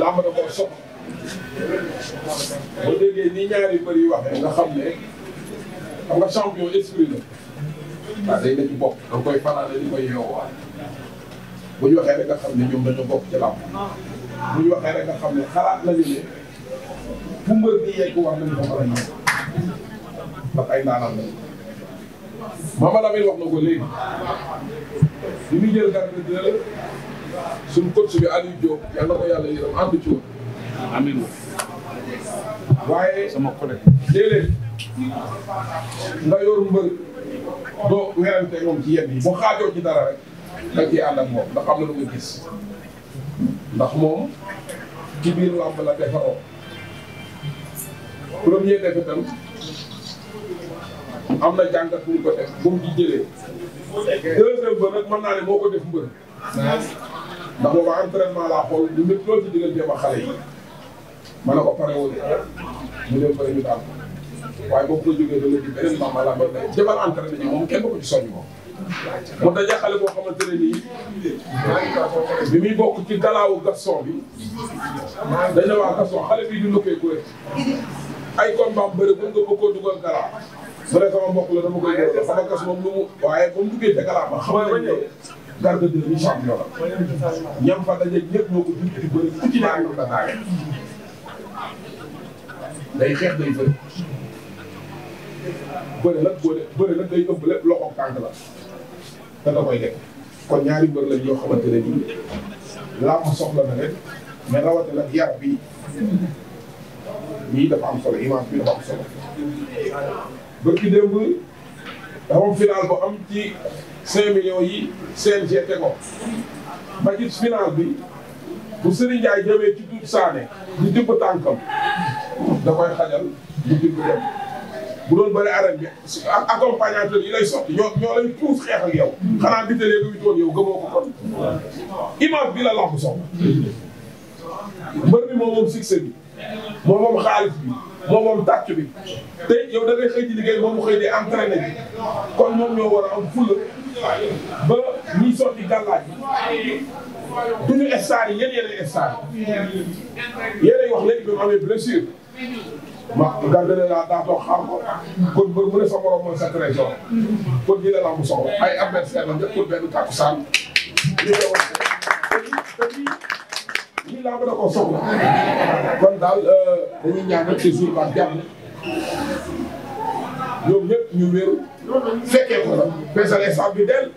làmb da koo sopp boo déggee ni ñaari bëri waxee nga xam ne xam nga champion esprit la waaw day na ci bopp da koy fanaane di koy yeewwaat bu ñu waxee rek nga xam ne ñoom dañoo bokk ci làmb bu ñu waxee rek nga xam ne xalaat nañu ne bu mbër bi yegg wax nañu ko mën a ñëw ndax ay naanaan la Mama Lamine wax na ko léegi li muy jël garab dina suñ coach bi Aliou Diop yàlla ko yàlla yërëm ànd ci woon. amiin. waaye sama collègue. léeg-léeg nga yor mbër doo werante moom ci yenn yi bu xaajoo ci dara rek da moom ndax na lu nga gis ndax moom ci biir làmb la defaroo premier defe tam am na jàngat bu ñu ko def bu mu ci jëlee deuxième ba nag mën moo ko def mbër ndax booba entraînement laa xool lu métti loolu ci digganteem ak xale yi ma ne ko pare woo mu dem pare ñu daal waaye boobu ko jógee danga ci beneen maam laa bëgg a demal entraîné ji moom kenn du ko ci soññ ko. bi muy bokk ci galaawu Gaston bi dañ ne waa Gaston xale ay combat bëri bu nga bëggoo dugal galaaw bu ne sama mbokk la dama koy def sama gas moom lu mu waaye ba mu duggee ca galaaw ba xamal nañ garde de l' champion la. ñam fa daje ñëpp ñoo ko jublu di bëri ku ci nekk la daanaka. day xeex day bëri. bëri nag bëri bëri nag day ëmb lépp loxo tànk la. te da koy def kon ñaari mbër lañ yoo xamante ne nii laa ma soxla na rek mais rawatina nag yar bi ñii dafa am solo image bi dafa am solo. ba ki démb dafa am final bu am ci. 5 millions yi seen te ko ba ci finance bi bu Serigne Ndiaye jëmee ci Doudou Sané di dibb tànkam da koy xajal di dibb dem bu doon bëri arène bi accompagnateur yi lay so ñoo ñoo lay puus xeex ak yow xanaa bi tëlee bi witoon yow gëmoo ko kon bi la lamb soxla mbër bi moom moom bi moom xaalis bi moom moom bi te yow da ngay liggéey moom mu xëy di entraîné kon ñoom ñoo war a am fulla ba ñiy sotti gàllaaj yi duñu star yi yéen yéenay star yéenay wax léegi bi mu amee blessure ma gàllankoor la daa daa toog xaar ko kon mbër mu ne sa morom mooy sa trésor kon ñu ne la mu soxla ay adversaire la njëkk pour benn takkusaan li nga wax te lii lii laa mën a koo soxla kon daal euh, dañuy ñaan rek ci jour ba jàmm ñoom ñëpp ñu wéeru. fekkee ko la mais al bi del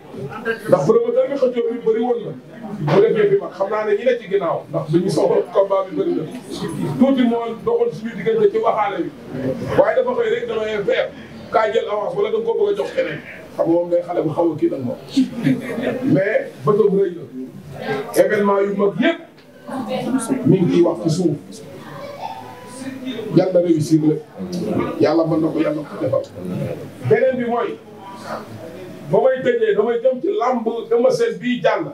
ndax promoteur bi xëccoo woon na bu defee bi mag xam naa ne ñi ci ginnaaw ndax bi ñu soxla combat bi bëri na tuuti moo doxoon suñu diggante ci waxaale bi waaye dafa xëy rek damay feer kaa jël avance wala nga ko bëgg a jox keneen xam nga moom ngay xale bu xaw a kii nag moom mais bëtam rëy la événement yu mag yëpp mi ngi ciy wax suuf yàlla na réussir la yàlla mën na ko yàlla ko defal beneen bi mooy ba may tëjee damay jëm ci làmb dama seen bii jàll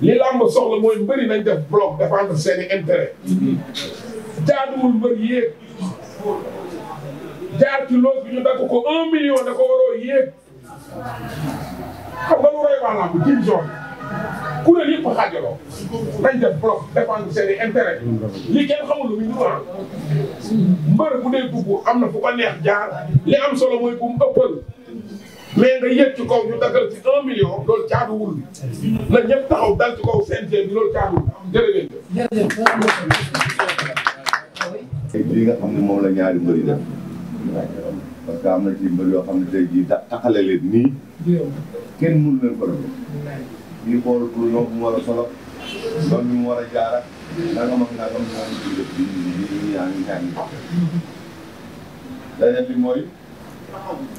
li làmb soxla mooy mbëri nañ def bloc défendre seen seeni intérêt jaaduwul mbër yéeg jaar ci loos bi ñu dagg ko da ko waroo yéeg xam nga lu rey waa làmb xaajaloo dañ def bloc défendre seen i intérêt li kenn xamul lu muy nuwaan ah. mbër bu dee dugg am na fu ko neex jaar li am solo mooy bu mu ëppal mais nga yëg ci kaw ñu daggal ci un million loolu caaduwul na ñëpp taxaw dal ci kaw CNG bi loolu caaduwul jërëjëf. jërëjëf. lii nga xam ne moom la ñaari mbër yi def parce que am na ci mbër yoo xam ne tey jii taxale leen nii kenn mënu leen ko def. ñuy xool tur ñoom mu war a solo doon ñu mu war a jaar ak naka mag naa ko naan lii yaa ngi jàng leneen bi mooy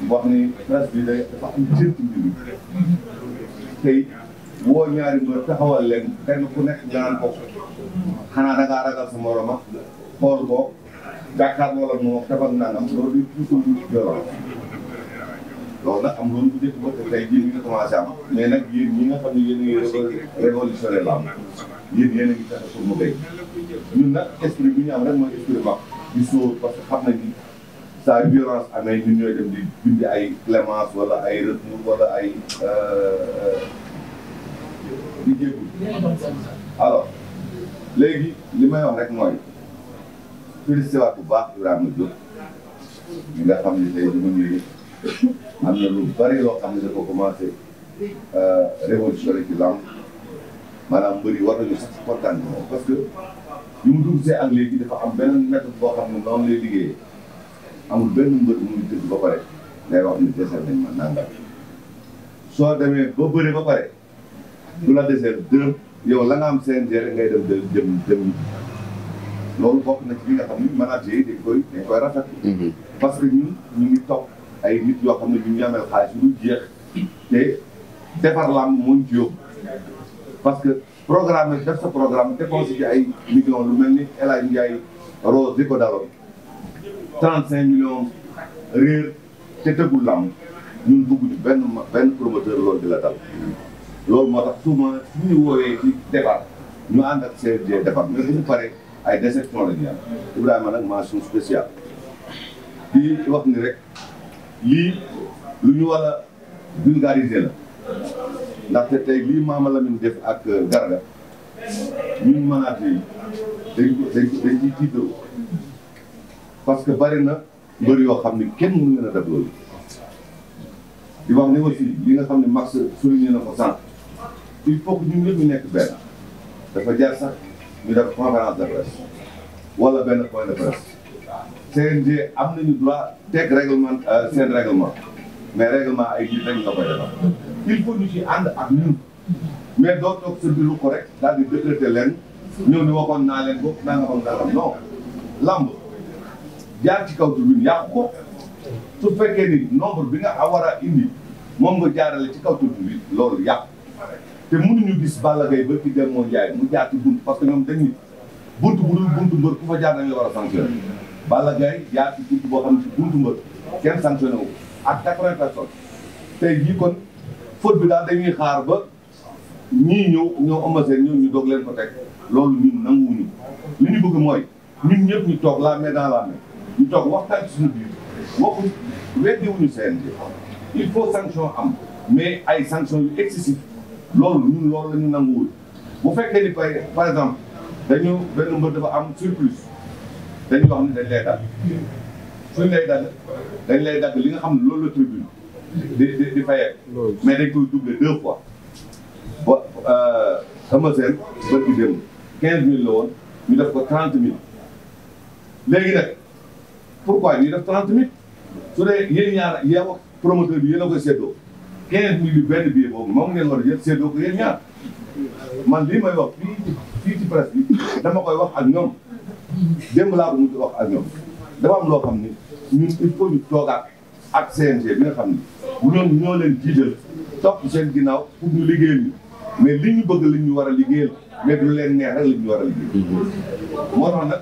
wax ni presse bi day dafa am cër ci mbir mi tey woo ñaari mbër taxawal leen kenn ku nekk ganaan ko xanaa da ngaa ragal sa moroma xool ko jàkkaarloo la moom defal nangam loolu di tuuti joro loolu nag am loolu bu njëkk ba te tey jii ñu ngi commencé am mais nag yéen ñi nga xam ne yéen a ngi révolutionné la am yéen yéen a ngi fexe suuf mu béy ñun nag esprit bi ñu am rek mooy esprit mag di sóor parce que xam nañ ni saa violence amee ñun ñooy dem di bind ay clémence wala ay retour wala ay euh, di jéegul alors léegi li may wax rek mooy félicité waat bu baax Ibrahima Diop ñi nga xam ne tey dama ñëwee am na lu bari loo xam ne dafa commencé euh, révolutionné ci lamb maanaam mbër yi war nañu sax kontaan parce que ñu mu dugg see ak léegi dafa am benn méthode boo xam ne noonu lay liggéeyee amul benn mu ngi dëgg ba pare ni deser ma nangam soo demee ba bëri ba pare du la deser dërëm yow la nga am CNG dem dem jëm jëm loolu bokk na ci li koy dañ koy rafet mm-hmm. parce que ñun ñu ngi topp ay nit yoo xam ne ñu jeex defar làmb moo ñu parce que programme def sa programme dépensé ci ay millions lu mel ni El Hadj Ndiaye Rose di ko daloon trente cinq millions te tëggul làmb ñun bëgguñu benn benn promoteur loolu di la dal loolu moo tax souvent suñu woowee ci defar ñu ànd ak CRD defar mais bu ñu paree ay déception la ñu am Ibrahima nag mention spéciale di wax ni rek lii lu ñu war a vulgariser la ndaxte tey lii Maama Lamine def ak euh, Garga ñun manaate yi dañ ko dañ dañ ciy parce que bari na mbër yoo xam ne kenn mënu leen a def loolu di wax ne aussi li nga xam ne Max souligné na ko sànq il faut que ñun ñëpp ñu nekk benn dafa jaar sax ñu def conférence de presse wala benn point de presse CNG am nañu droit teg règlement euh, seen règlement mais règlement ay nit rek nga koy defar il faut ñu ci ànd ak ñun mais doo toog sa biiru ko rek daal di décréter leen ñëw ni waxoon naa leen ko naa nga xam dara non lamb jaar ci kaw tribune yàqu ko su fekkee ni nombre bi nga war a indi moom nga jaarale ci kaw tribune bi loolu yàqu te mënuñu gis Balla Gaye ba ci dem moo jaay mu jaar ci bunt parce que ñoom dañ ni bunt bu dul bunt mbër ku fa jaar dañ la war a sanctionné Balla Gaye jaar ci boo xam ne buntu mbër kenn sanctionné wu ak quatre-vingts personnes tey kon faute bi daal dañuy xaar ba ñii ñëw ñoo amaseen ñëw ñu doog leen ko teg loolu ñun nanguwuñu li ñu bëgg mooy ñun ñëpp ñu toog la main dans la main ñu toog waxtaan ci suñu biir waxu weddiwuñu CNG il faut sanction am mais ay sanction yu excessif loolu ñun loolu la ñu nanguwul bu fekkee ni par exemple dañu benn mbër dafa am surplus dañuy wax ne dañ lay dagg suñ lay dagg dañ lay li nga xam ne loolu la tribune di di fayee mais dañ koy doublé deux fois ba euh, Eumeu Sène bët bi démb quinze mille la woon ñu def ko trente mille léegi nag pourquoi ñu def trente mille su dee yéen ñaar yéen ak promoteur bi yéen a koy séddoo quinze bi yu benn billet boobu moom ngeen war a jël séddoo ko yéen ñaar man li may wax fii ci fii ci presse bi dama koy wax ak ñoom démb laa ko mujj wax ak ñoom dafa am loo xam ne ñun il faut ñu toogaat ak CNG bi nga xam ne ñoom ñoo leen jiital topp seen ginnaaw pour ñu liggéey ñu mais li ñu bëgg li ñu war a liggéeyal mais du leen neex rek li war a liggéey. moo tax nag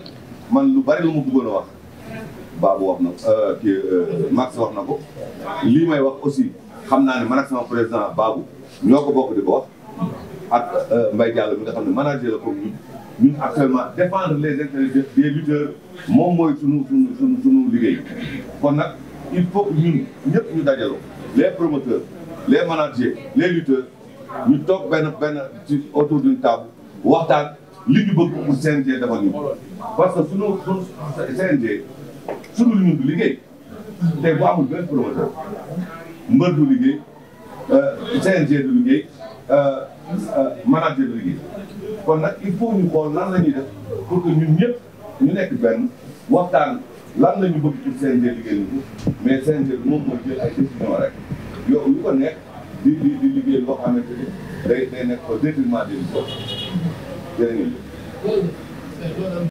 man lu bari lu ma bëggoon a wax Babou wax na euh, kii euh, Max wax na ko lii may wax aussi xam naa ne man ak sama président Babou ñoo ko bokk di ko wax ak euh, Mbaye Diallo mi nga xam ne manager la comme ñun. ñun actuellement défendre les intérêts des lutteurs moom mooy sunu sunu sunu liggéey kon nag il faut que ñun ñëpp ñu dajaloo les promoteurs les managers les lutteurs ñu toog benn benn ci autour d'une table waxtaan li ñu bëgg pour CNG dafa ñu parce que sunu sunu CNG sunu li ñu liggéey te bu amul benn promoteur mbër du liggéey euh, CNG du liggéey euh, euh, manager du liggéey kon nag il faut ñu xool lan la ñuy def pour que ñun ñu nekk benn waxtaan lan la ñu bëgg ci CNG liggéey mais CNG bi moom mooy jël ay décision rek yow lu ko nekk di di liggéey loo xamante ni day day nekk au détriment des autres jërë ngeen jëf